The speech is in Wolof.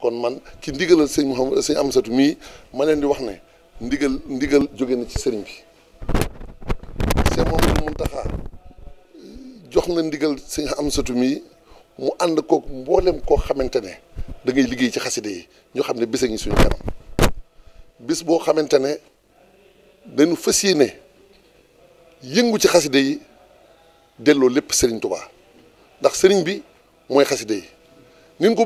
kon man ci ndigalal sëñ Mouhamad sëñ Amsatu mii ma leen di wax ne ndigal ndigal jóge na ci sëriñ bi sëñ Mouhamadou Mountakha jox na ndigal am Amsatu mii mu ànd kook mboolem koo xamante ne da liggéey ci xaside yi ñoo xam ne bés suñu kanam bis boo xamante ne dañu fas yéene yëngu ci xaside yi delloo lépp sëriñ Touba ndax sëriñ bi mooy xaside yi